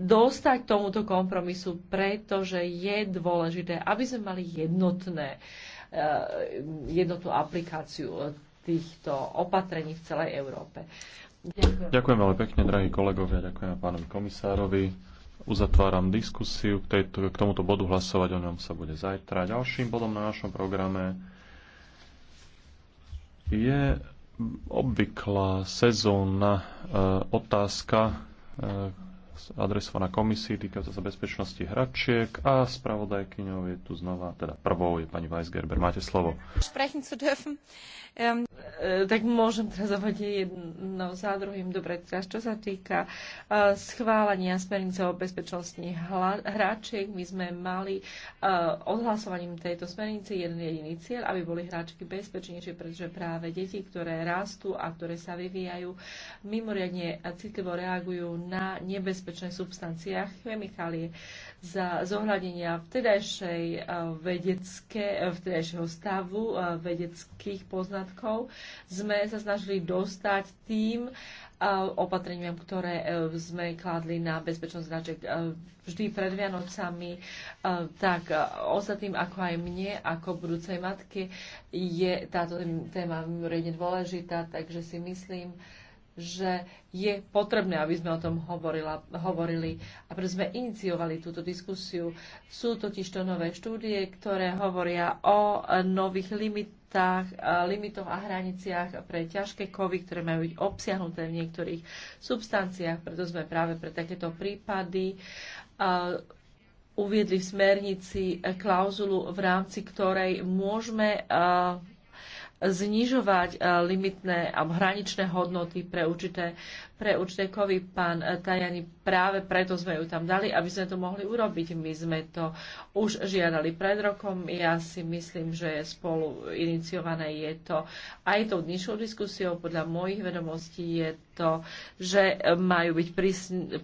dostať tomuto kompromisu, pretože je dôležité, aby sme mali jednotné, eh, jednotnú aplikáciu týchto opatrení v celej Európe. Ďakujem. ďakujem veľmi pekne, drahí kolegovia, ďakujem pánovi komisárovi. Uzatváram diskusiu k, tejto, k tomuto bodu hlasovať, o ňom sa bude zajtra. Ďalším bodom na našom programe je obvyklá sezónna e, otázka, e, adresovaná komisii, týka sa bezpečnosti hračiek a spravodajkyňou je tu znova, teda prvou je pani Weisgerber. Máte slovo. Um, tak môžem teraz hovoriť jedno za druhým. Dobre, teraz čo sa týka uh, schválenia smernice o bezpečnosti hráčiek, my sme mali uh, odhlasovaním tejto smernice jeden jediný cieľ, aby boli hráčky bezpečnejšie, pretože práve deti, ktoré rastú a ktoré sa vyvíjajú, mimoriadne citlivo reagujú na nebezpečnosť substancie a chemikálie za zohľadenia vtedajšej eh, vedecké, eh, vtedajšieho stavu eh, vedeckých poznatkov sme sa snažili dostať tým opatreniam, ktoré sme kladli na bezpečnosť značek vždy pred Vianocami, tak ostatným ako aj mne, ako budúcej matke, je táto téma mimoriadne dôležitá, takže si myslím, že je potrebné, aby sme o tom hovorila, hovorili a preto sme iniciovali túto diskusiu. Sú totiž to nové štúdie, ktoré hovoria o nových limitách, limitoch a hraniciach pre ťažké kovy, ktoré majú byť obsiahnuté v niektorých substanciách. Preto sme práve pre takéto prípady uviedli v smernici klauzulu, v rámci ktorej môžeme znižovať eh, limitné alebo hraničné hodnoty pre určité, pre určité kovy. Pán eh, Tajani, práve preto sme ju tam dali, aby sme to mohli urobiť. My sme to už žiadali pred rokom. Ja si myslím, že spolu iniciované je to aj tou dnešnou diskusiou. Podľa mojich vedomostí je to, že majú byť prísne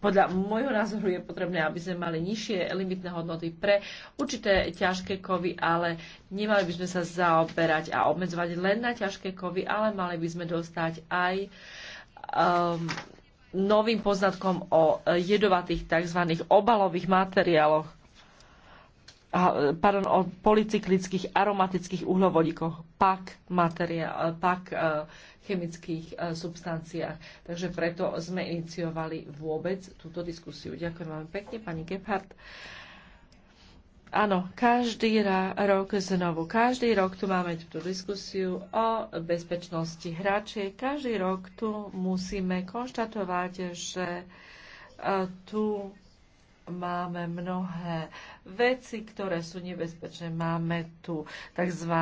podľa môjho názoru je potrebné, aby sme mali nižšie limitné hodnoty pre určité ťažké kovy, ale nemali by sme sa zaoberať a obmedzovať len na ťažké kovy, ale mali by sme dostať aj um, novým poznatkom o jedovatých tzv. obalových materiáloch pardon, o polycyklických aromatických uhlovodíkoch, pak, materiál, eh, pak eh, chemických eh, substanciách. Takže preto sme iniciovali vôbec túto diskusiu. Ďakujem veľmi pekne, pani Gebhardt. Áno, každý rok znovu, každý rok tu máme túto diskusiu o bezpečnosti hráčie. Každý rok tu musíme konštatovať, že tu máme mnohé veci, ktoré sú nebezpečné. Máme tu tzv.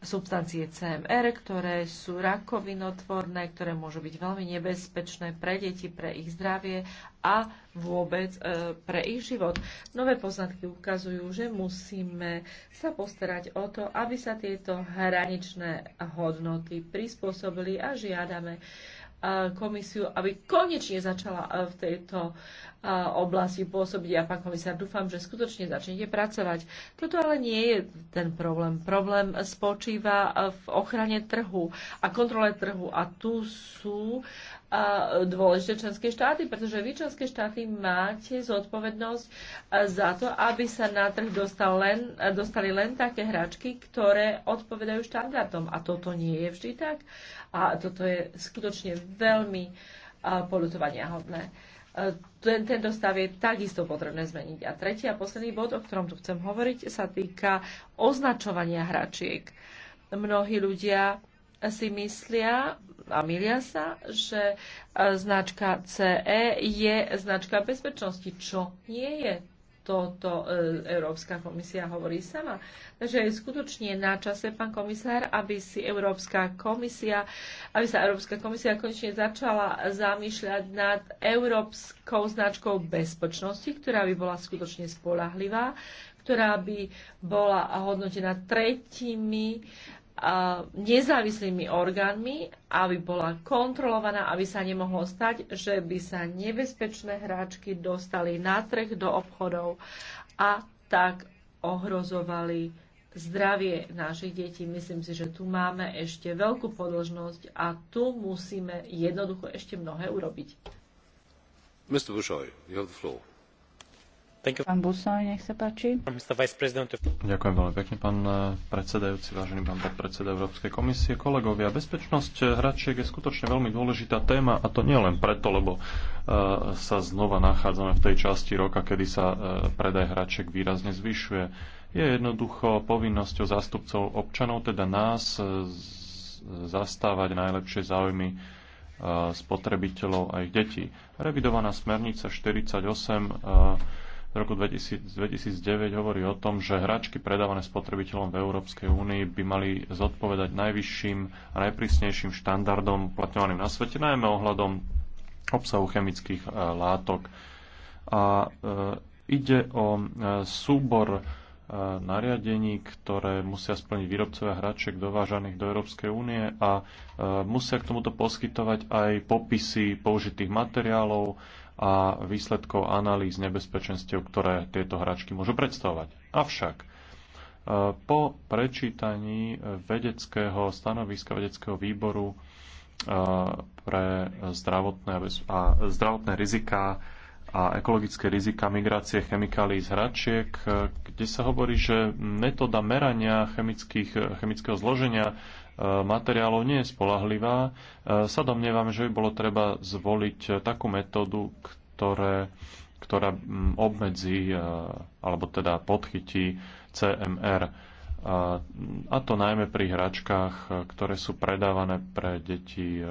substancie CMR, ktoré sú rakovinotvorné, ktoré môžu byť veľmi nebezpečné pre deti, pre ich zdravie a vôbec e, pre ich život. Nové poznatky ukazujú, že musíme sa postarať o to, aby sa tieto hraničné hodnoty prispôsobili a žiadame komisiu, aby konečne začala v tejto oblasti pôsobiť. A ja, pán komisár, dúfam, že skutočne začnete pracovať. Toto ale nie je ten problém. Problém spočíva v ochrane trhu a kontrole trhu. A tu sú dôležité členské štáty, pretože vy členské štáty máte zodpovednosť za to, aby sa na trh dostal len, dostali len také hračky, ktoré odpovedajú štandardom. A toto nie je vždy tak. A toto je skutočne veľmi polutovania hodné. Ten, tento stav je takisto potrebné zmeniť. A tretí a posledný bod, o ktorom tu chcem hovoriť, sa týka označovania hračiek. Mnohí ľudia si myslia, a milia sa, že e, značka CE je značka bezpečnosti, čo nie je toto e, Európska komisia hovorí sama. Takže je skutočne na čase, pán komisár, aby si Európska komisia, aby sa Európska komisia konečne začala zamýšľať nad európskou značkou bezpečnosti, ktorá by bola skutočne spolahlivá, ktorá by bola hodnotená tretimi nezávislými orgánmi, aby bola kontrolovaná, aby sa nemohlo stať, že by sa nebezpečné hráčky dostali na trh do obchodov a tak ohrozovali zdravie našich detí. Myslím si, že tu máme ešte veľkú podložnosť a tu musíme jednoducho ešte mnohé urobiť. Mr. Bushoj, you have the floor. Pán Busoj, nech sa páči. Ďakujem veľmi pekne, pán eh, predsedajúci, vážený pán podpredseda Európskej komisie, kolegovia. Bezpečnosť eh, hračiek je skutočne veľmi dôležitá téma a to nie len preto, lebo eh, sa znova nachádzame v tej časti roka, kedy sa predaj hračiek výrazne zvyšuje. Je jednoducho povinnosťou zástupcov občanov, teda nás, zastávať najlepšie záujmy spotrebiteľov a ich detí. Revidovaná smernica 48 z roku 2000, 2009 hovorí o tom, že hračky predávané spotrebiteľom v Európskej únii by mali zodpovedať najvyšším a najprísnejším štandardom uplatňovaným na svete, najmä ohľadom obsahu chemických e, látok. A e, ide o e, súbor nariadení, ktoré musia splniť výrobcovia hračiek dovážaných do Európskej únie a musia k tomuto poskytovať aj popisy použitých materiálov, a výsledkov analýz nebezpečenstiev, ktoré tieto hračky môžu predstavovať. Avšak e, po prečítaní vedeckého stanoviska vedeckého výboru e, pre zdravotné, a zdravotné rizika a ekologické rizika migrácie chemikálií z hračiek, e, kde sa hovorí, že metóda merania chemického zloženia materiálov nie je spolahlivá, e, sa domnievam, že by bolo treba zvoliť takú metódu, ktoré, ktorá obmedzí e, alebo teda podchytí CMR. E, a to najmä pri hračkách, ktoré sú predávané pre deti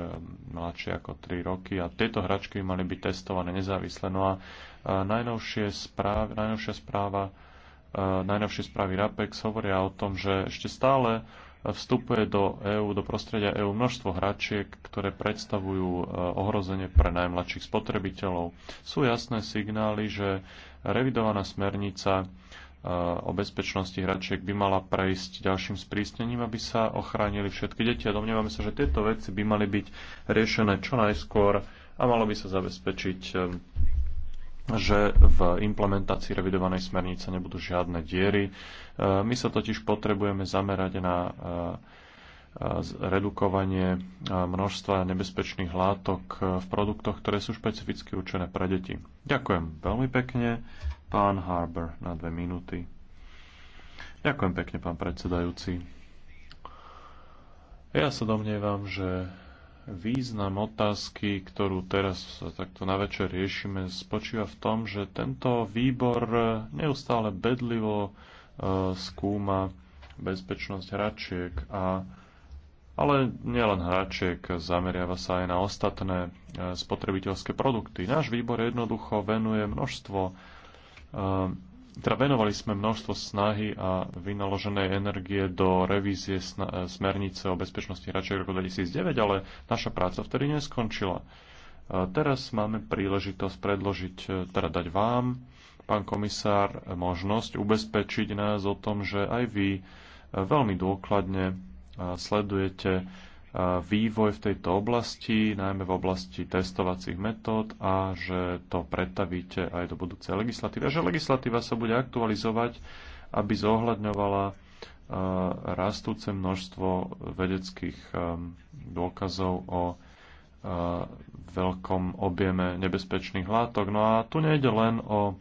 mladšie ako 3 roky. A tieto hračky by mali byť testované nezávisle. No a najnovšie správ, najnovšia správa najnovšie správy RAPEX hovoria o tom, že ešte stále vstupuje do EÚ, do prostredia EÚ množstvo hračiek, ktoré predstavujú e, ohrozenie pre najmladších spotrebiteľov. Sú jasné signály, že revidovaná smernica e, o bezpečnosti hračiek by mala prejsť ďalším sprísnením, aby sa ochránili všetky deti. A domnievame sa, že tieto veci by mali byť riešené čo najskôr a malo by sa zabezpečiť, e, že v implementácii revidovanej smernice nebudú žiadne diery Eh, my sa totiž potrebujeme zamerať na eh, eh, redukovanie množstva nebezpečných látok v produktoch, ktoré sú špecificky určené pre deti. Ďakujem veľmi pekne, pán Harbour, na dve minúty. Ďakujem pekne, pán predsedajúci. Ja sa domnievam, že význam otázky, ktorú teraz takto na večer riešime, spočíva v tom, že tento výbor neustále bedlivo E, skúma bezpečnosť hračiek a ale nielen hračiek, zameriava sa aj na ostatné e, spotrebiteľské produkty. Náš výbor jednoducho venuje množstvo, e, teda venovali sme množstvo snahy a vynaloženej energie do revízie smernice o bezpečnosti hračiek roku 2009, ale naša práca vtedy neskončila. Teraz máme príležitosť predložiť, teda dať vám pán komisár, možnosť ubezpečiť nás o tom, že aj vy eh, veľmi dôkladne eh, sledujete eh, vývoj v tejto oblasti, najmä v oblasti testovacích metód a že to pretavíte aj do budúcej legislatívy. A že legislatíva sa bude aktualizovať, aby zohľadňovala rastúce množstvo vedeckých dôkazov o veľkom objeme nebezpečných látok. No a tu nejde len o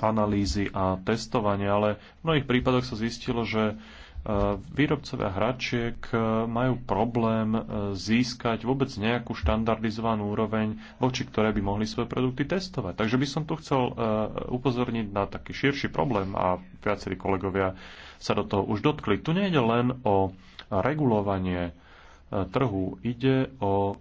analýzy a testovania, ale v mnohých prípadoch sa zistilo, že e, výrobcovia hračiek e, majú problém e, získať vôbec nejakú štandardizovanú úroveň, voči ktoré by mohli svoje produkty testovať. Takže by som tu chcel upozorniť na taký širší problém a viacerí kolegovia sa do toho už dotkli. Tu nejde len o regulovanie trhu, ide o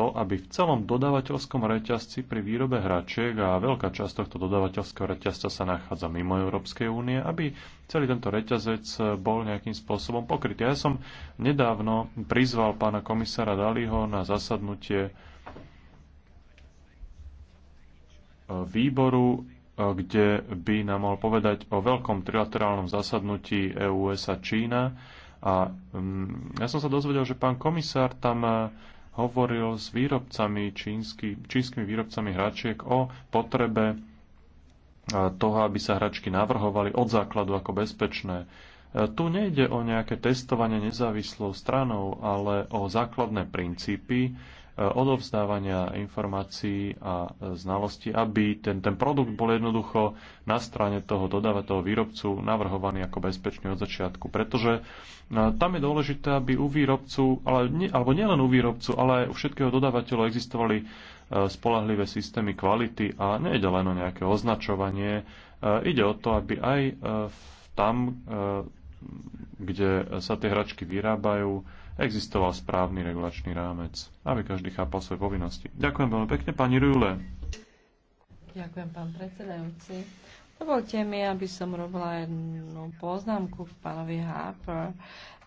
to, aby v celom dodávateľskom reťazci pri výrobe hračiek a veľká časť tohto dodávateľského reťazca sa nachádza mimo Európskej únie, aby celý tento reťazec bol nejakým spôsobom pokrytý. Ja som nedávno prizval pána komisára Daliho na zasadnutie e, výboru, e, kde by nám mohol povedať o veľkom trilaterálnom zasadnutí EU, USA, Čína. A mm, ja som sa dozvedel, že pán komisár tam e, hovoril s výrobcami čínsky, čínskymi výrobcami hračiek o potrebe e, toho, aby sa hračky navrhovali od základu ako bezpečné. E, tu nejde o nejaké testovanie nezávislou stranou, ale o základné princípy, odovzdávania informácií a znalostí, aby ten, ten produkt bol jednoducho na strane toho dodáva, toho výrobcu navrhovaný ako bezpečný od začiatku. Pretože tam je dôležité, aby u výrobcu, ale nie, alebo nielen u výrobcu, ale aj u všetkého dodávateľov existovali e, spolahlivé systémy kvality a nejde len o nejaké označovanie. E, ide o to, aby aj e, tam kde sa tie hračky vyrábajú, existoval správny regulačný rámec, aby každý chápal svoje povinnosti. Ďakujem veľmi pekne, pani Rujule. Ďakujem, pán predsedajúci. Dovolte mi, aby som robila jednu poznámku k pánovi Harper.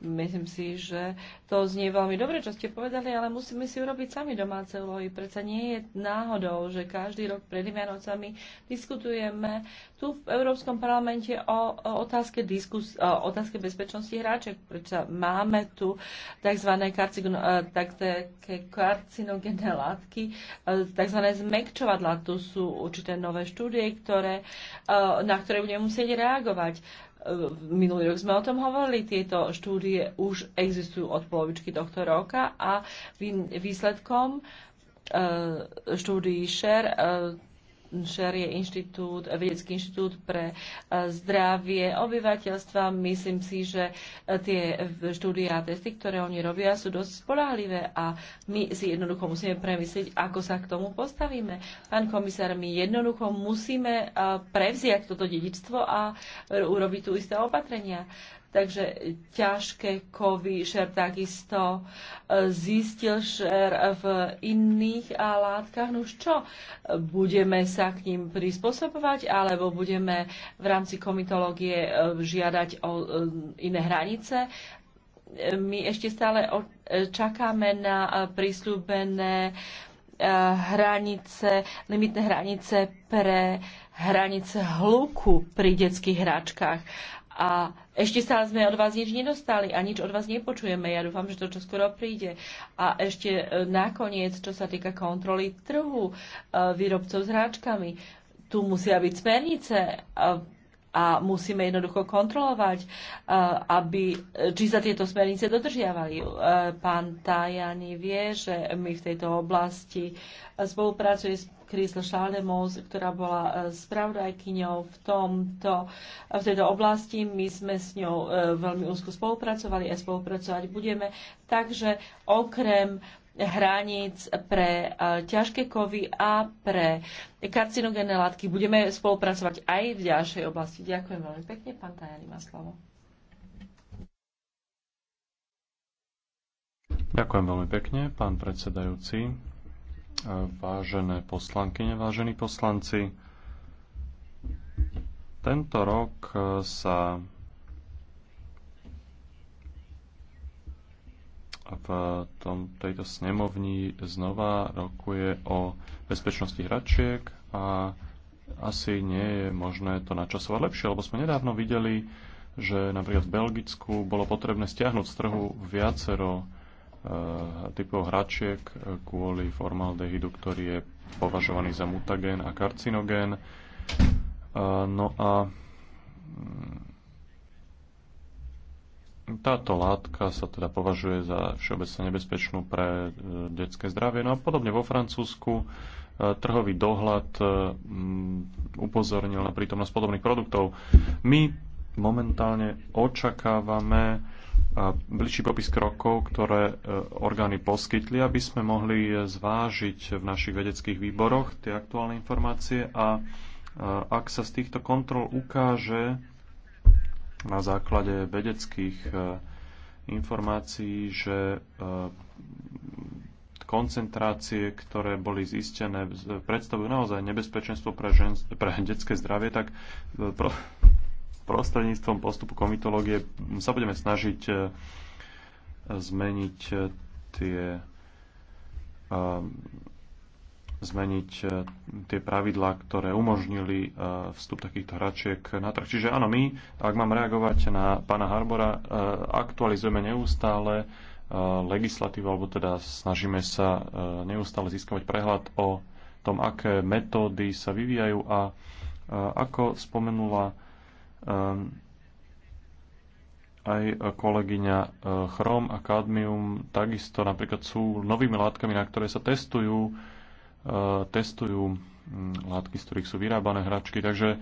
Myslím si, že to znie veľmi dobre, čo ste povedali, ale musíme si urobiť sami domáce úlohy. Preca nie je náhodou, že každý rok pred Vianocami diskutujeme tu v Európskom parlamente o, o otázke, diskus, o otázke bezpečnosti hráček. Prečo máme tu tzv. E, karcinogené látky, e, tzv. zmekčovadla. Tu sú určité nové štúdie, ktoré, e, na ktoré budeme musieť reagovať Minulý rok sme o tom hovorili, tieto štúdie už existujú od polovičky tohto roka a výsledkom eh, štúdií SHARE eh, Šer je inštitút, vedecký inštitút pre e, zdravie obyvateľstva. Myslím si, že e, tie štúdia a testy, ktoré oni robia, sú dosť spolahlivé a my si jednoducho musíme premyslieť, ako sa k tomu postavíme. Pán komisár, my jednoducho musíme e, prevziať toto dedičstvo a urobiť tu isté opatrenia. Takže ťažké kovy šer takisto e, zistil šer v iných látkach. No už čo, budeme sa k ním prispôsobovať, alebo budeme v rámci komitológie e, žiadať o e, iné hranice? My ešte stále čakáme na prísľubené hranice, limitné hranice pre hranice hluku pri detských hračkách a ešte sa sme od vás nič nedostali a nič od vás nepočujeme. Ja dúfam, že to čo skoro príde. A ešte e, nakoniec, čo sa týka kontroly trhu e, výrobcov s hráčkami, tu musia byť smernice e, a musíme jednoducho kontrolovať, aby, či sa tieto smernice dodržiavali. Pán Tajani vie, že my v tejto oblasti spolupracuje s Krísl Šalemos, ktorá bola e, spravodajkyňou v, tomto, v tejto oblasti. My sme s ňou e, veľmi úzko spolupracovali a spolupracovať budeme. Takže okrem hraníc pre e, ťažké kovy a pre karcinogénne látky. Budeme spolupracovať aj v ďalšej oblasti. Ďakujem veľmi pekne. Pán Tajani má slovo. Ďakujem veľmi pekne, pán predsedajúci. Vážené poslankyne, vážení poslanci, tento rok sa v tom, tejto snemovni znova rokuje o bezpečnosti hračiek a asi nie je možné to načasovať lepšie, lebo sme nedávno videli, že napríklad v Belgicku bolo potrebné stiahnuť z trhu viacero Eh, typov hračiek kvôli formaldehydu, ktorý je považovaný za mutagén a karcinogén. Eh, no a mm, táto látka sa teda považuje za všeobecne nebezpečnú pre eh, detské zdravie. No a podobne vo Francúzsku trhový dohľad mm, upozornil na prítomnosť podobných produktov. My momentálne očakávame bližší popis krokov, ktoré e, orgány poskytli, aby sme mohli e, zvážiť v našich vedeckých výboroch tie aktuálne informácie a e, ak sa z týchto kontrol ukáže na základe vedeckých informácií, že koncentrácie, ktoré boli zistené, predstavujú naozaj nebezpečenstvo pre, žen, pre detské zdravie, tak prostredníctvom postupu komitológie sa budeme snažiť e, zmeniť e, tie e, zmeniť tie pravidlá, ktoré umožnili vstup takýchto hračiek na trh. Čiže áno, my, ak mám reagovať na pána Harbora, aktualizujeme neustále legislatívu, alebo teda snažíme sa neustále získavať prehľad o tom, aké metódy sa vyvíjajú a ako spomenula Ehm, aj kolegyňa e, chrom a kadmium takisto napríklad sú novými látkami, na ktoré sa testujú, e, testujú mm, látky, z ktorých sú vyrábané hračky. Takže e,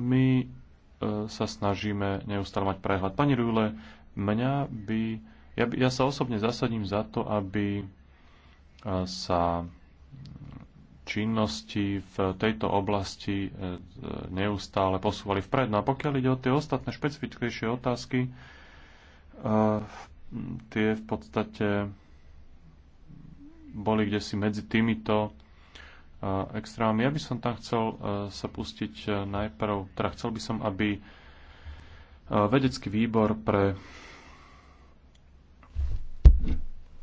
my sa snažíme neustále mať prehľad. Pani Rúle, mňa by, ja, by, ja sa osobne zasadím za to, aby sa činnosti v tejto oblasti e, e, neustále posúvali vpred. No a pokiaľ ide o tie ostatné špecifickejšie otázky, e, tie v podstate boli kde si medzi týmito extrémami. Ja by som tam chcel sa pustiť najprv, teda chcel by som, aby vedecký výbor pre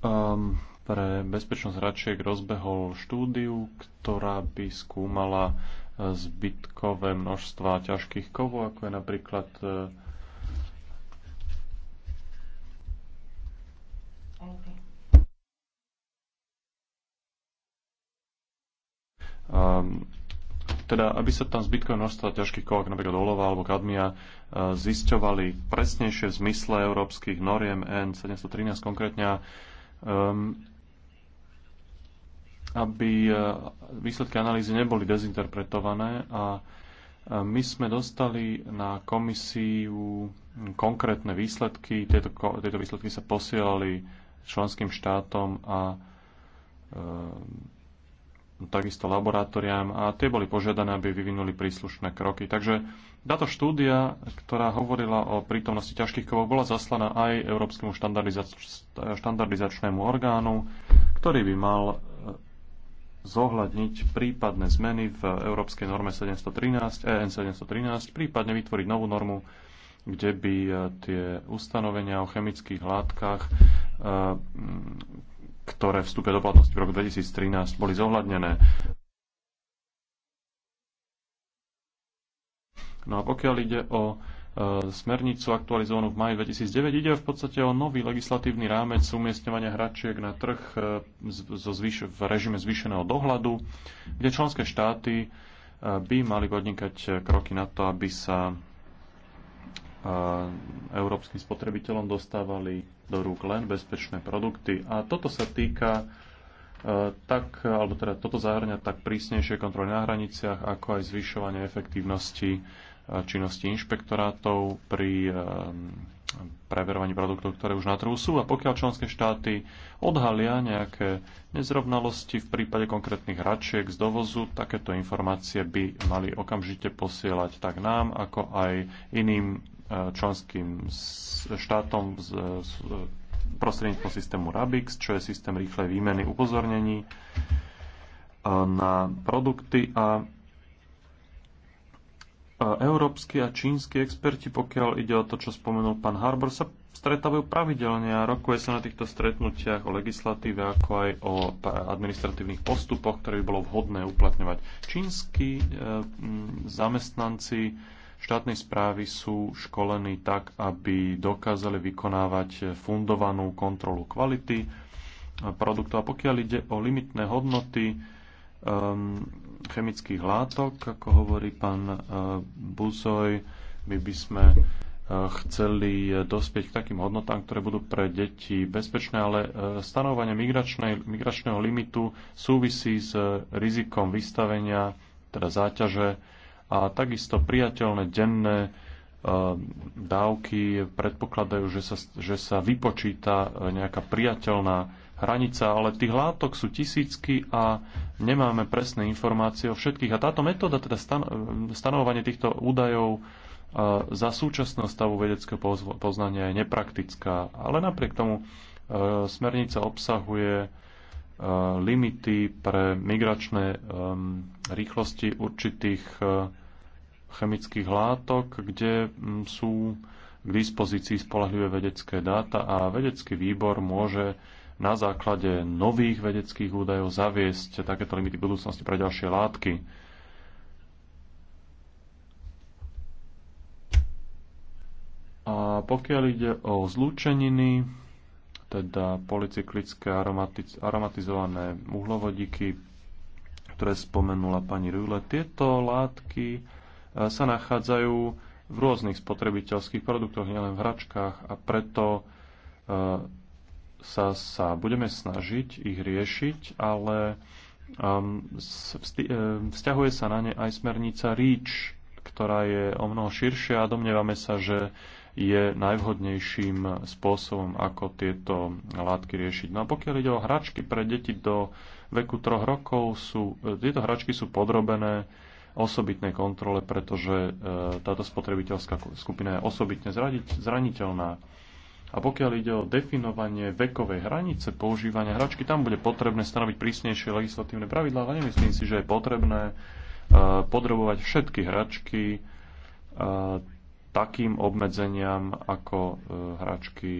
um, pre bezpečnosť hračiek rozbehol štúdiu, ktorá by skúmala e, zbytkové množstva ťažkých kovov, ako je napríklad e, ehm, teda aby sa tam zbytkové množstva ťažkých kovov, ako napríklad olova alebo kadmia, e, zisťovali presnejšie v zmysle európskych noriem N713 konkrétne. Ehm, aby e, výsledky analýzy neboli dezinterpretované a e, my sme dostali na komisiu konkrétne výsledky. Tieto, tieto výsledky sa posielali členským štátom a e, takisto laboratóriám a tie boli požiadané, aby vyvinuli príslušné kroky. Takže táto štúdia, ktorá hovorila o prítomnosti ťažkých kovov, bola zaslaná aj Európskemu štandardizač- štandardizačnému orgánu, ktorý by mal zohľadniť prípadné zmeny v európskej norme 713, EN 713, prípadne vytvoriť novú normu, kde by e, tie ustanovenia o chemických látkach, e, ktoré vstúpia do platnosti v roku 2013, boli zohľadnené. No a pokiaľ ide o E, smernicu aktualizovanú v maji 2009. Ide v podstate o nový legislatívny rámec umiestňovania hračiek na trh e, v režime zvýšeného dohľadu, kde členské štáty e, by mali podnikať kroky na to, aby sa európskym spotrebiteľom dostávali do rúk len bezpečné produkty. A toto sa týka tak, alebo teda toto zahrňa tak prísnejšie kontroly na hraniciach, ako aj zvyšovanie efektívnosti činnosti inšpektorátov pri eh, preverovaní produktov, ktoré už na trhu sú. A pokiaľ členské štáty odhalia nejaké nezrovnalosti v prípade konkrétnych hračiek z dovozu, takéto informácie by mali okamžite posielať tak nám, ako aj iným eh, členským štátom z prostredníctvom systému RABIX, čo je systém rýchlej výmeny upozornení eh, na produkty a Európsky a čínsky experti, pokiaľ ide o to, čo spomenul pán Harbor, sa stretávajú pravidelne a rokuje sa na týchto stretnutiach o legislatíve, ako aj o administratívnych postupoch, ktoré by bolo vhodné uplatňovať. Čínsky e, zamestnanci štátnej správy sú školení tak, aby dokázali vykonávať fundovanú kontrolu kvality e, produktov. A pokiaľ ide o limitné hodnoty, um, chemických látok, ako hovorí pán e, Buzoj. My by sme e, chceli e, dospieť k takým hodnotám, ktoré budú pre deti bezpečné, ale stanovanie migračného limitu súvisí s rizikom vystavenia, teda záťaže a takisto priateľné denné dávky predpokladajú, že sa, že sa vypočíta nejaká priateľná hranica, ale tých látok sú tisícky a nemáme presné informácie o všetkých. A táto metóda, teda stan- stanovovanie týchto údajov e, za súčasného stavu vedeckého poznania je nepraktická. Ale napriek tomu e, smernica obsahuje e, limity pre migračné rýchlosti určitých chemických látok, kde sú k dispozícii spolahlivé vedecké dáta a vedecký výbor môže na základe nových vedeckých údajov zaviesť takéto limity budúcnosti pre ďalšie látky. A pokiaľ ide o zlúčeniny, teda policyklické aromatiz- aromatizované uhlovodíky, ktoré spomenula pani Rüle, tieto látky e, sa nachádzajú v rôznych spotrebiteľských produktoch, nielen v hračkách a preto e, sa, sa budeme snažiť ich riešiť, ale um, e, vzťahuje sa na ne aj smernica REACH, ktorá je o mnoho širšia a domnievame sa, že je najvhodnejším spôsobom, ako tieto látky riešiť. No a pokiaľ ide o hračky pre deti do veku troch rokov, sú, e, tieto hračky sú podrobené osobitnej kontrole, pretože e, táto spotrebiteľská skupina je osobitne zraniteľná. A pokiaľ ide o definovanie vekovej hranice používania hračky, tam bude potrebné stanoviť prísnejšie legislatívne pravidlá, ale nemyslím si, že je potrebné e, podrobovať všetky hračky e, takým obmedzeniam ako e, hračky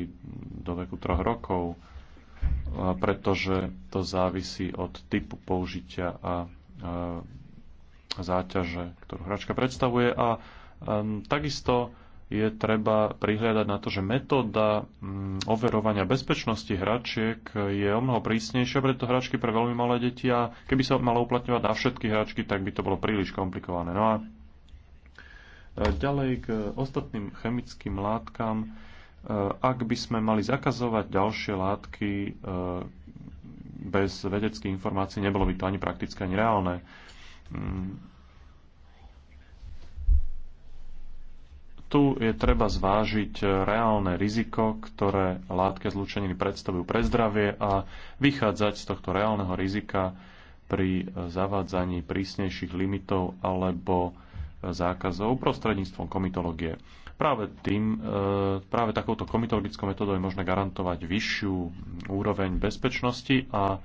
do veku troch rokov, pretože to závisí od typu použitia a záťaže, ktorú hračka predstavuje. A takisto je treba prihľadať na to, že metóda mm, overovania bezpečnosti hračiek je o mnoho prísnejšia, preto hračky pre veľmi malé deti a keby sa malo uplatňovať na všetky hračky, tak by to bolo príliš komplikované. No a e, ďalej k ostatným chemickým látkam. E, ak by sme mali zakazovať ďalšie látky e, bez vedeckých informácií, nebolo by to ani praktické, ani reálne mm, tu je treba zvážiť e, reálne riziko, ktoré látke zlúčeniny predstavujú pre zdravie a vychádzať z tohto reálneho rizika pri e, zavádzaní prísnejších limitov alebo e, zákazov prostredníctvom komitológie. Práve, tým, práve takouto komitologickou metodou je možné garantovať vyššiu úroveň bezpečnosti a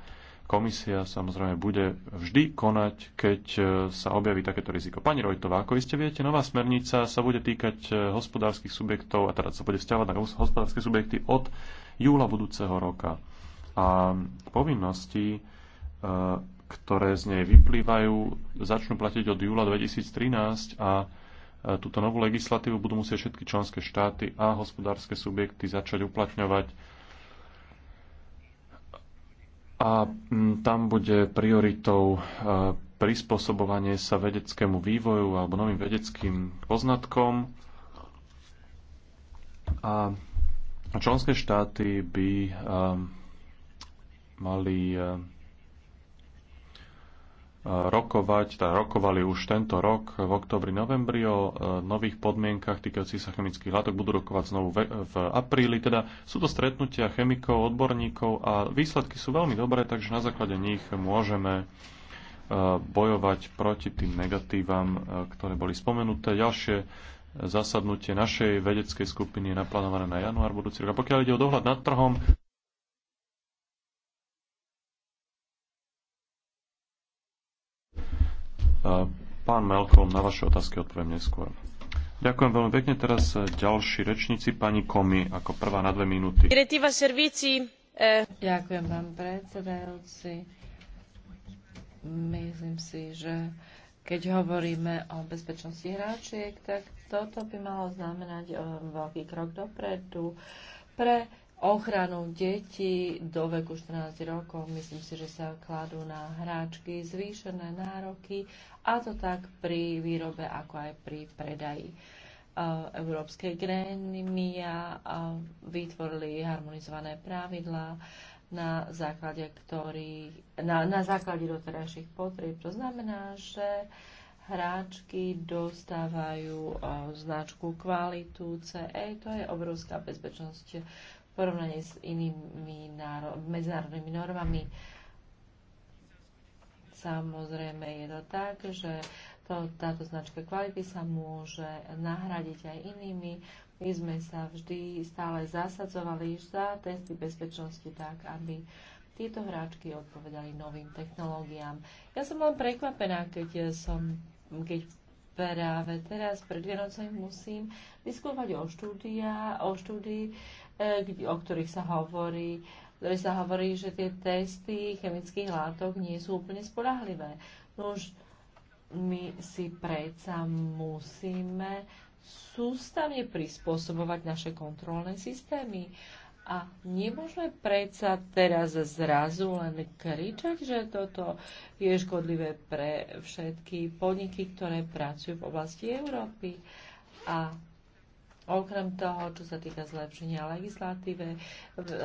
komisia samozrejme bude vždy konať, keď e, sa objaví takéto riziko. Pani Rojtová, ako ste viete, nová smernica sa bude týkať e, hospodárskych subjektov, a teda sa bude vzťahovať na hospodárske subjekty od júla budúceho roka. A povinnosti, e, ktoré z nej vyplývajú, začnú platiť od júla 2013 a túto novú legislatívu budú musieť všetky členské štáty a hospodárske subjekty začať uplatňovať a mm, tam bude prioritou e, prispôsobovanie sa vedeckému vývoju alebo novým vedeckým poznatkom. A členské štáty by e, mali e, rokovať, teda rokovali už tento rok v oktobri, novembri o e, nových podmienkach týkajúcich sa chemických látok. Budú rokovať znovu v apríli. Teda sú to stretnutia chemikov, odborníkov a výsledky sú veľmi dobré, takže na základe nich môžeme e, bojovať proti tým negatívam, e, ktoré boli spomenuté. Ďalšie zasadnutie našej vedeckej skupiny je naplánované na január budúci rok. A pokiaľ ide o dohľad nad trhom, Pán Melkom, na vaše otázky odpoviem neskôr. Ďakujem veľmi pekne. Teraz e, ďalší rečníci, pani Komi, ako prvá na dve minúty. Direktíva e, Ďakujem vám, predsedajúci. Myslím si, že keď hovoríme o bezpečnosti hráčiek, tak toto by malo znamenať e, veľký krok dopredu pre ochranu detí do veku 14 rokov. Myslím si, že sa kladú na hráčky zvýšené nároky a to tak pri výrobe ako aj pri predaji. Európske grémia vytvorili harmonizované pravidlá, na základe ktorý, na, na základe doterajších potrieb. To znamená, že hráčky dostávajú značku kvalitu CE, to je obrovská bezpečnosť porovnaní s inými náro- medzinárodnými normami. Samozrejme je to tak, že to, táto značka kvality sa môže nahradiť aj inými. My sme sa vždy stále zasadzovali za testy bezpečnosti tak, aby tieto hráčky odpovedali novým technológiám. Ja som len prekvapená, keď som, keď práve teraz pred Vianocami musím diskutovať o, štúdia, o štúdii E, o ktorých sa hovorí, ktoré sa hovorí, že tie testy chemických látok nie sú úplne spolahlivé. No už my si predsa musíme sústavne prispôsobovať naše kontrolné systémy. A nemôžeme predsa teraz zrazu len kričať, že toto je škodlivé pre všetky podniky, ktoré pracujú v oblasti Európy. A Okrem toho, čo sa týka zlepšenia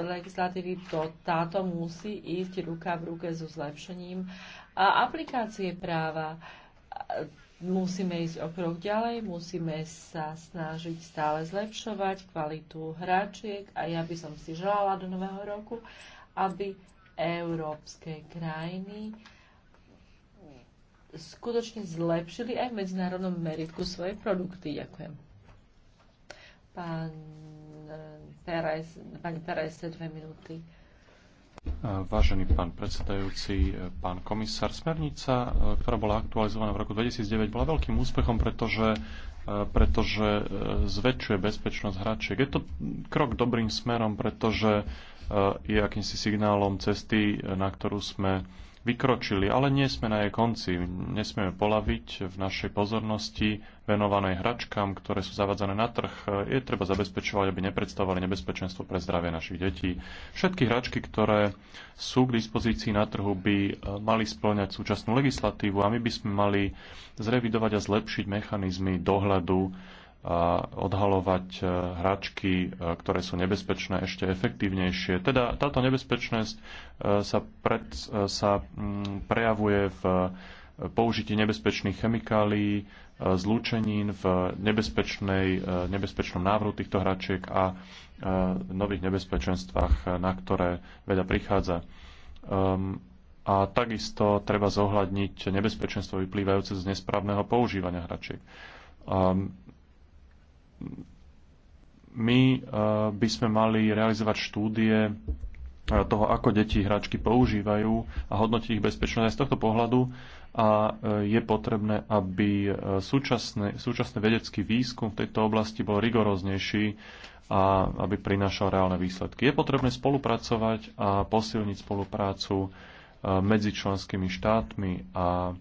legislatívy, to táto musí ísť ruka v ruke so zlepšením a aplikácie práva. Musíme ísť o krok ďalej, musíme sa snažiť stále zlepšovať kvalitu hračiek a ja by som si želala do nového roku, aby európske krajiny skutočne zlepšili aj v medzinárodnom meritku svoje produkty. Ďakujem. Pán eh, Teres, pani Perez, dve minúty. Eh, vážený pán predsedajúci, eh, pán komisár, smernica, ktorá bola aktualizovaná v roku 2009, bola veľkým úspechom, pretože, pretože zväčšuje bezpečnosť hračiek. Je to krok dobrým smerom, pretože je akýmsi signálom cesty, na ktorú sme vykročili, ale nie sme na jej konci. Nesmieme polaviť v našej pozornosti venovanej hračkám, ktoré sú zavadzané na trh. Je treba zabezpečovať, aby nepredstavovali nebezpečenstvo pre zdravie našich detí. Všetky hračky, ktoré sú k dispozícii na trhu, by eh, mali splňať súčasnú legislatívu a my by sme mali zrevidovať a zlepšiť mechanizmy dohľadu odhalovať e, hračky, e, ktoré sú nebezpečné, ešte efektívnejšie. Teda táto nebezpečnosť e, sa, pred, sa mm, prejavuje v použití nebezpečných chemikálií, zlúčenín v nebezpečnej, nebezpečnom návru týchto hračiek a nových nebezpečenstvách, na ktoré veda prichádza. Ehm, a takisto treba zohľadniť nebezpečenstvo vyplývajúce z nesprávneho používania hračiek. Ehm, my eh, by sme mali realizovať štúdie eh, toho, ako deti hračky používajú a hodnotiť ich bezpečnosť aj z tohto pohľadu a eh, je potrebné, aby súčasný, súčasný vedecký výskum v tejto oblasti bol rigoróznejší a aby prinášal reálne výsledky. Je potrebné spolupracovať a posilniť spoluprácu medzi členskými štátmi a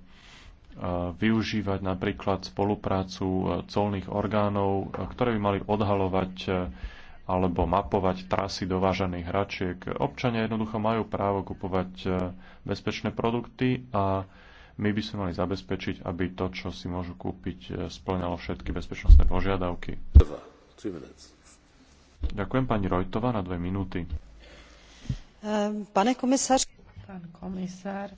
využívať napríklad spoluprácu e, colných orgánov, e, ktoré by mali odhalovať e, alebo mapovať trasy dovážaných hračiek. Občania jednoducho majú právo kupovať bezpečné produkty a my by sme mali zabezpečiť, aby to, čo si môžu kúpiť, splňalo všetky bezpečnostné požiadavky. Ďakujem pani Rojtová na dve minúty. Ehm, pane komisár. Pán komisár,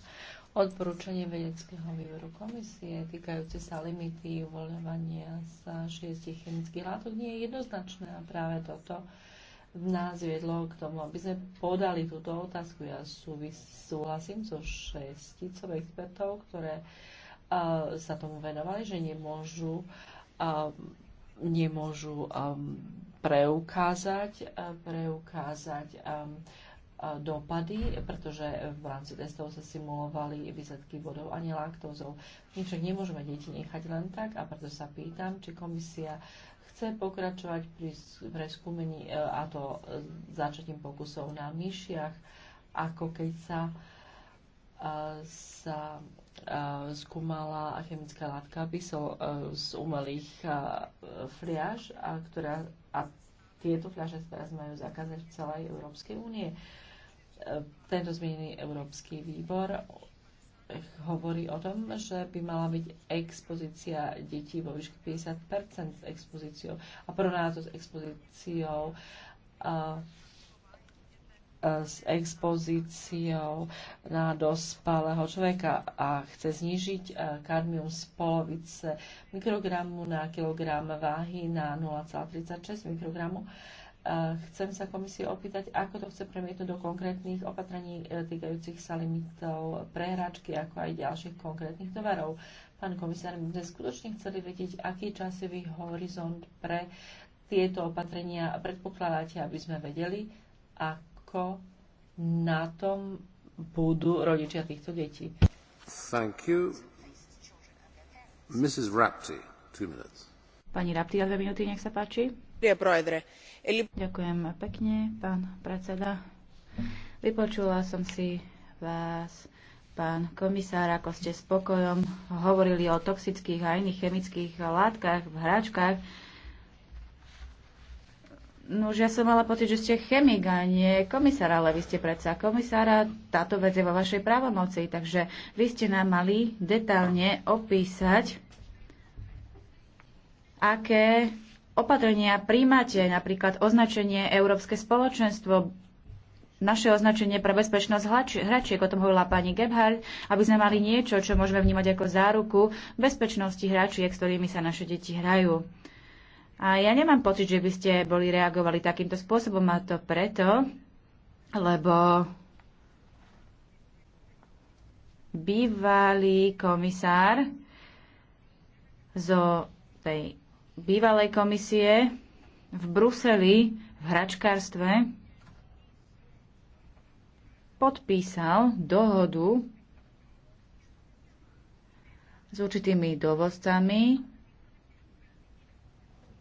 odporúčanie vedeckého výboru komisie týkajúce sa limity uvoľňovania sa šiestich chemických látok nie je jednoznačné a práve toto nás viedlo k tomu, aby sme podali túto otázku. Ja súhlasím so šesticou expertov, ktoré uh, sa tomu venovali, že nemôžu, uh, nemôžu um, preukázať, uh, preukázať um, dopady, pretože v rámci testov sa simulovali výsledky vodov a laktózov. My však nemôžeme deti nechať len tak a preto sa pýtam, či komisia chce pokračovať pri preskúmení e, a to začatím pokusov na myšiach, ako keď sa e, sa e, skúmala chemická látka písol z umelých fliaž, a, ktorá, a tieto fľaše teraz majú zakázať v celej Európskej únie tento zmienený Európsky výbor hovorí o tom, že by mala byť expozícia detí vo výške 50 s expozíciou a porovná to s expozíciou a, a s expozíciou na dospalého človeka a chce znížiť kadmium z polovice mikrogramu na kilogram váhy na 0,36 mikrogramu. Chcem sa komisie opýtať, ako to chce premietnúť do konkrétnych opatrení e, týkajúcich sa limitov prehračky, ako aj ďalších konkrétnych tovarov. Pán komisár, my sme skutočne chceli vedieť, aký časový horizont pre tieto opatrenia predpokladáte, aby sme vedeli, ako na tom budú rodičia týchto detí. Thank you. Mrs. Rapti, two minutes. Pani Rapti, dve minúty, nech sa páči. Ďakujem pekne, pán predseda. Vypočula som si vás, pán komisár, ako ste spokojom hovorili o toxických a iných chemických látkach v hračkách. No už ja som mala pocit, že ste chemik a nie komisár, ale vy ste predsa komisára, táto vec je vo vašej právomoci, takže vy ste nám mali detálne opísať, aké opatrenia príjmate, napríklad označenie Európske spoločenstvo, naše označenie pre bezpečnosť hračiek, o tom hovorila pani Gebhardt, aby sme mali niečo, čo môžeme vnímať ako záruku bezpečnosti hračiek, s ktorými sa naše deti hrajú. A ja nemám pocit, že by ste boli reagovali takýmto spôsobom a to preto, lebo bývalý komisár zo tej bývalej komisie v Bruseli v hračkárstve podpísal dohodu s určitými dovozcami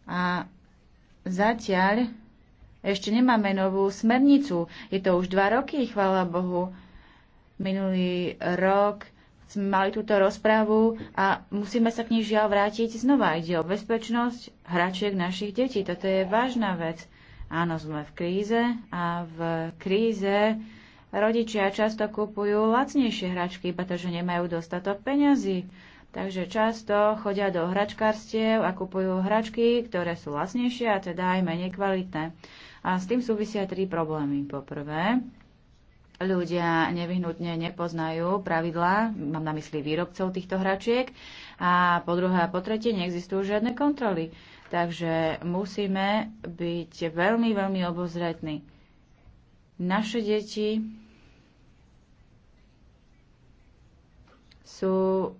a zatiaľ ešte nemáme novú smernicu. Je to už dva roky, chvála Bohu. Minulý rok sme mali túto rozprávu a musíme sa k nej žiaľ vrátiť znova. Ide o bezpečnosť hračiek našich detí. Toto je vážna vec. Áno, sme v kríze a v kríze rodičia často kupujú lacnejšie hračky, pretože nemajú dostatok peňazí. Takže často chodia do hračkárstiev a kupujú hračky, ktoré sú lacnejšie a teda aj menej kvalitné. A s tým súvisia tri problémy. Po prvé, ľudia nevyhnutne nepoznajú pravidlá, mám na mysli výrobcov týchto hračiek, a po druhé a po tretie neexistujú žiadne kontroly. Takže musíme byť veľmi, veľmi obozretní. Naše deti sú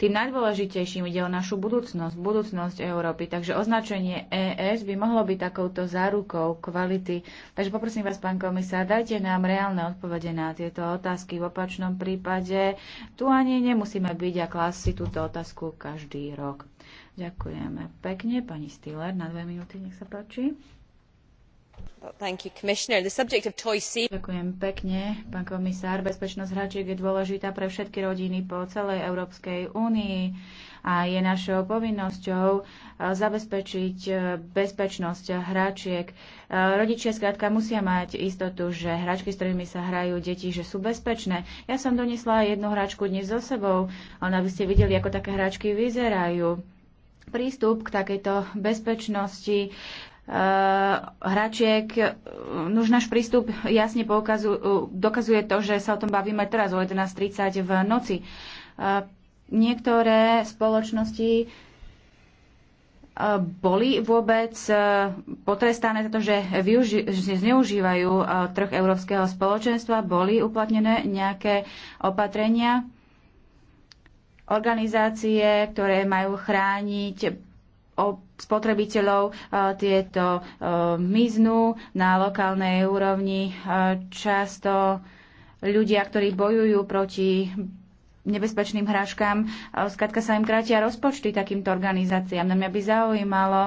tým najdôležitejším ide o našu budúcnosť, budúcnosť Európy. Takže označenie ES by mohlo byť takouto zárukou kvality. Takže poprosím vás, pán komisár, dajte nám reálne odpovede na tieto otázky. V opačnom prípade tu ani nemusíme byť a klásť si túto otázku každý rok. Ďakujeme pekne. Pani Stiller, na dve minúty, nech sa páči. Ďakujem pekne, pán komisár. Bezpečnosť hračiek je dôležitá pre všetky rodiny po celej Európskej únii a je našou povinnosťou eh, zabezpečiť eh, bezpečnosť hračiek. Eh, rodičia skrátka musia mať istotu, že hračky, s ktorými sa hrajú deti, že sú bezpečné. Ja som donesla jednu hračku dnes so sebou, len aby ste videli, ako také hračky vyzerajú prístup k takejto bezpečnosti Eh, hračiek, eh, už náš prístup jasne poukazu, dokazuje to, že sa o tom bavíme teraz o 11.30 v noci. Eh, niektoré spoločnosti boli vôbec potrestané za to, že zneužívajú trh Európskeho spoločenstva? Boli uplatnené nejaké opatrenia? Organizácie, ktoré majú chrániť spotrebiteľov tieto miznú na lokálnej úrovni. Často ľudia, ktorí bojujú proti nebezpečným hráčkam, skratka sa im krátia rozpočty takýmto organizáciám. Na mňa by zaujímalo,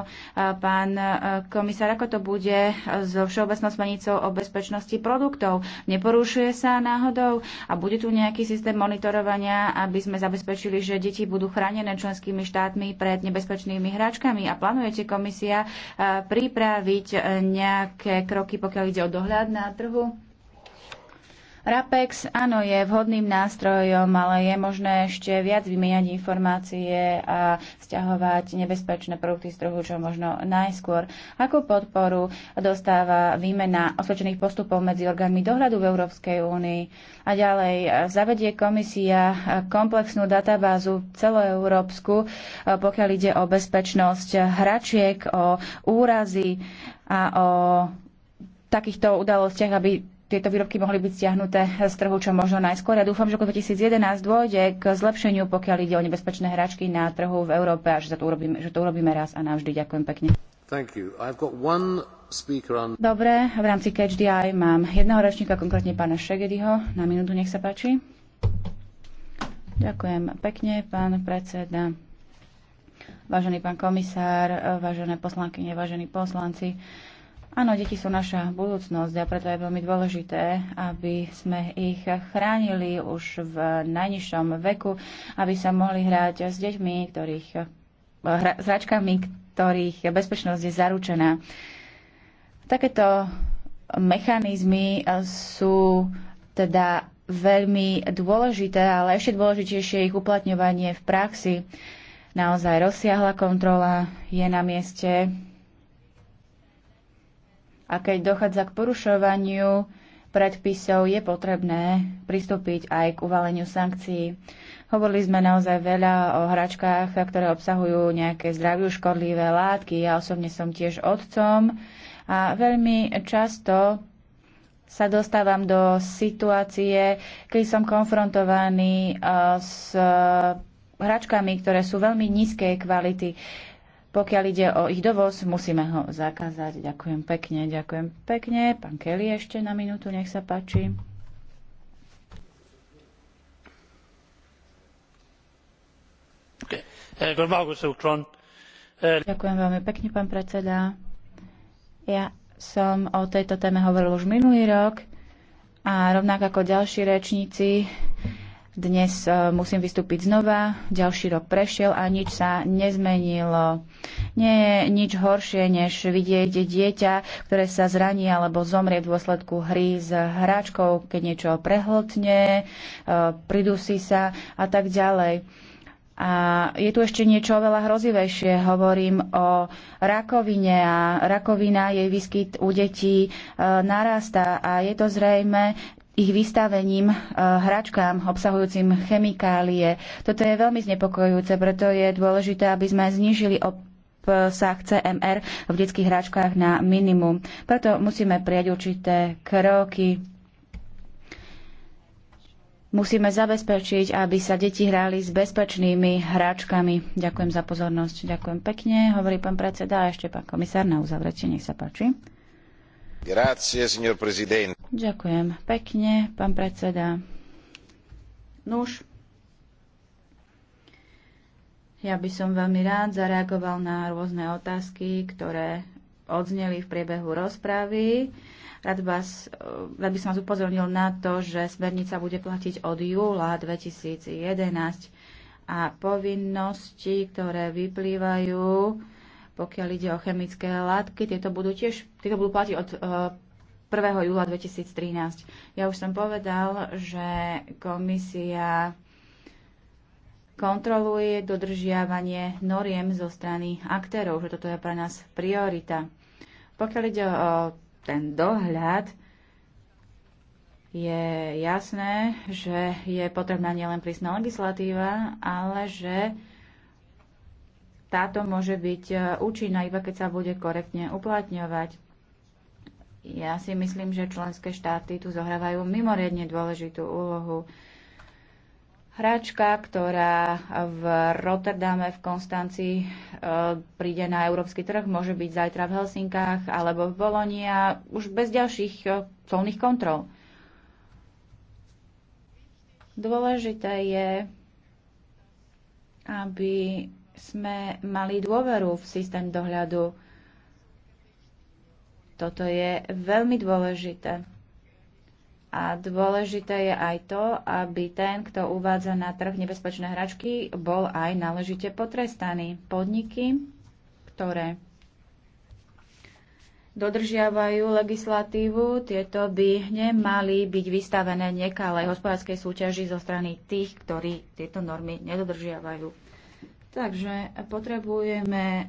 pán komisár, ako to bude so Všeobecnou smernicou o bezpečnosti produktov. Neporušuje sa náhodou a bude tu nejaký systém monitorovania, aby sme zabezpečili, že deti budú chránené členskými štátmi pred nebezpečnými hráčkami a plánujete komisia pripraviť nejaké kroky, pokiaľ ide o dohľad na trhu? RAPEX áno je vhodným nástrojom, ale je možné ešte viac vymieňať informácie a stiahovať nebezpečné produkty z trhu, čo možno najskôr. ako podporu dostáva výmena osvedčených postupov medzi orgánmi dohľadu v Európskej únii? A ďalej, zavedie komisia komplexnú databázu celoeurópsku, pokiaľ ide o bezpečnosť hračiek, o úrazy a o takýchto udalostiach, aby tieto výrobky mohli byť stiahnuté z trhu čo možno najskôr. Ja dúfam, že ako 2011 dôjde k zlepšeniu, pokiaľ ide o nebezpečné hračky na trhu v Európe a že to urobíme, že to urobíme raz a navždy. Ďakujem pekne. On... Dobre, v rámci Catch the Eye mám jedného rečníka, konkrétne pána Šegediho, Na minútu nech sa páči. Ďakujem pekne, pán predseda. Vážený pán komisár, vážené poslankyne, vážení poslanci. Áno, deti sú naša budúcnosť a preto je veľmi dôležité, aby sme ich chránili už v najnižšom veku, aby sa mohli hrať s deťmi, ktorých, hra, s hračkami, ktorých bezpečnosť je zaručená. Takéto mechanizmy sú teda veľmi dôležité, ale ešte dôležitejšie je ich uplatňovanie v praxi. Naozaj rozsiahla kontrola je na mieste a keď dochádza k porušovaniu predpisov, je potrebné pristúpiť aj k uvaleniu sankcií. Hovorili sme naozaj veľa o hračkách, ktoré obsahujú nejaké zdraviu škodlivé látky. Ja osobne som tiež otcom a veľmi často sa dostávam do situácie, keď som konfrontovaný eh, s hračkami, ktoré sú veľmi nízkej kvality. Pokiaľ ide o ich dovoz, musíme ho zakázať. Ďakujem pekne, ďakujem pekne. Pán Kelly ešte na minútu, nech sa páči. Ďakujem veľmi pekne, pán predseda. Ja som o tejto téme hovoril už minulý rok a rovnako ako ďalší rečníci dnes e, musím vystúpiť znova, ďalší rok prešiel a nič sa nezmenilo. Nie je nič horšie, než vidieť dieťa, ktoré sa zraní alebo zomrie v dôsledku hry s hráčkou, keď niečo prehltne, e, pridusí sa a tak ďalej. A je tu ešte niečo oveľa hrozivejšie. Hovorím o rakovine a rakovina, jej výskyt u detí e, narastá a je to zrejme ich vystavením eh, hračkám obsahujúcim chemikálie. Toto je veľmi znepokojujúce, preto je dôležité, aby sme znížili obsah CMR v detských hračkách na minimum. Preto musíme prijať určité kroky. Musíme zabezpečiť, aby sa deti hrali s bezpečnými hráčkami. Ďakujem za pozornosť. Ďakujem pekne, hovorí pán predseda a ešte pán komisár na uzavretie. Nech sa páči. Ďakujem pekne, pán predseda. Nuž. Ja by som veľmi rád zareagoval na rôzne otázky, ktoré odzneli v priebehu rozpravy. Rád, vás, rád by som vás upozornil na to, že smernica bude platiť od júla 2011 a povinnosti, ktoré vyplývajú pokiaľ ide o chemické látky, tieto budú tiež tieto budú platiť od 1. E, júla 2013. Ja už som povedal, že komisia kontroluje dodržiavanie noriem zo strany aktérov, že toto je pre nás priorita. Pokiaľ ide o ten dohľad, je jasné, že je potrebná nielen prísna legislatíva, ale že táto môže byť e, účinná iba keď sa bude korektne uplatňovať. Ja si myslím, že členské štáty tu zohrávajú mimoriadne dôležitú úlohu. Hráčka, ktorá v Rotterdame, v Konstancii e, príde na európsky trh, môže byť zajtra v Helsinkách alebo v Boloni a už bez ďalších e, colných kontrol. Dôležité je, aby sme mali dôveru v systém dohľadu. Toto je veľmi dôležité. A dôležité je aj to, aby ten, kto uvádza na trh nebezpečné hračky, bol aj náležite potrestaný. Podniky, ktoré dodržiavajú legislatívu, tieto by nemali byť vystavené nekalej hospodárskej súťaži zo strany tých, ktorí tieto normy nedodržiavajú. Takže potrebujeme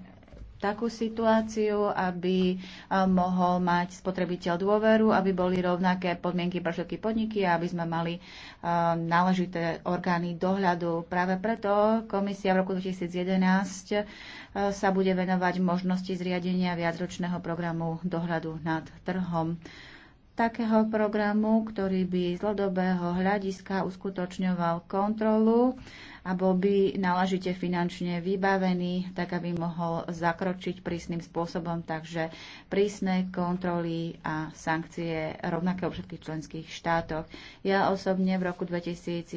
takú situáciu, aby eh, mohol mať spotrebiteľ dôveru, aby boli rovnaké podmienky pre všetky podniky a aby sme mali eh, náležité orgány dohľadu. Práve preto komisia v roku 2011 eh, sa bude venovať možnosti zriadenia viacročného programu dohľadu nad trhom takého programu, ktorý by z dlhodobého hľadiska uskutočňoval kontrolu a bol by náležite finančne vybavený, tak aby mohol zakročiť prísnym spôsobom. Takže prísne kontroly a sankcie rovnaké vo všetkých členských štátoch. Ja osobne v roku 2011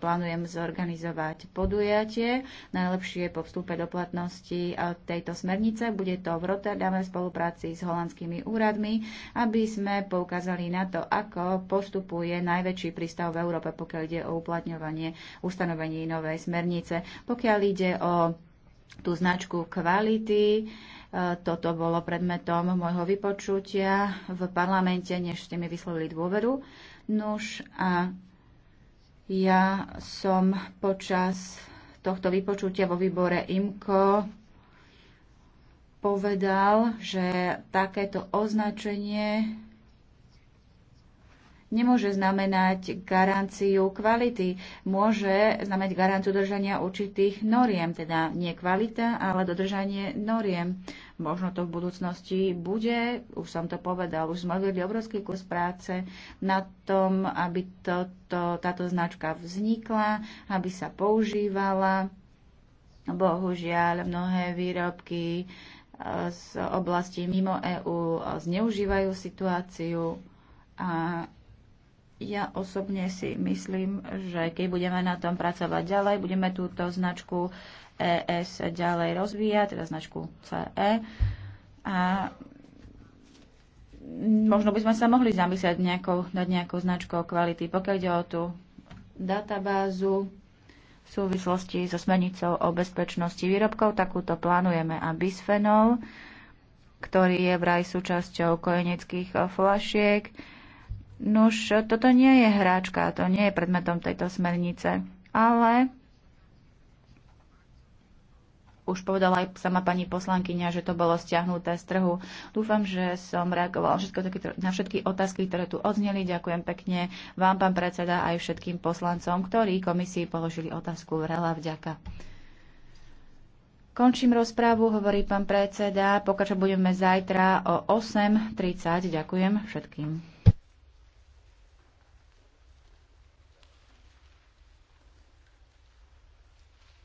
plánujem zorganizovať podujatie, najlepšie po vstupe do platnosti tejto smernice. Bude to v Rotterdame v spolupráci s holandskými úradmi, aby sme poukázali na to, ako postupuje najväčší prístav v Európe, pokiaľ ide o uplatňovanie ustanovení vydaní novej smernice. Pokiaľ ide o tú značku kvality, e, toto bolo predmetom môjho vypočutia v parlamente, než ste mi vyslovili dôveru. Nuž a ja som počas tohto vypočutia vo výbore IMKO povedal, že takéto označenie nemôže znamenať garanciu kvality, môže znamenať garanciu držania určitých noriem, teda nie kvalita, ale dodržanie noriem. Možno to v budúcnosti bude, už som to povedal, už sme odvedli obrovský kus práce na tom, aby to, táto značka vznikla, aby sa používala. Bohužiaľ, mnohé výrobky eh, z oblasti mimo EÚ eh, zneužívajú situáciu a ja osobne si myslím, že keď budeme na tom pracovať ďalej, budeme túto značku ES ďalej rozvíjať, teda značku CE. A možno by sme sa mohli zamyslieť nejakou, nad nejakou značkou kvality, pokiaľ ide o tú databázu v súvislosti so smernicou o bezpečnosti výrobkov. Takúto plánujeme a bisfenol, ktorý je vraj súčasťou kojeneckých flašiek Nuž, toto nie je hráčka, to nie je predmetom tejto smernice, ale už povedala aj sama pani poslankyňa, že to bolo stiahnuté z trhu. Dúfam, že som reagovala všetko, na všetky otázky, ktoré tu odzneli. Ďakujem pekne vám, pán predseda, aj všetkým poslancom, ktorí komisii položili otázku. Veľa vďaka. Končím rozprávu, hovorí pán predseda. Pokračovať budeme zajtra o 8.30. Ďakujem všetkým.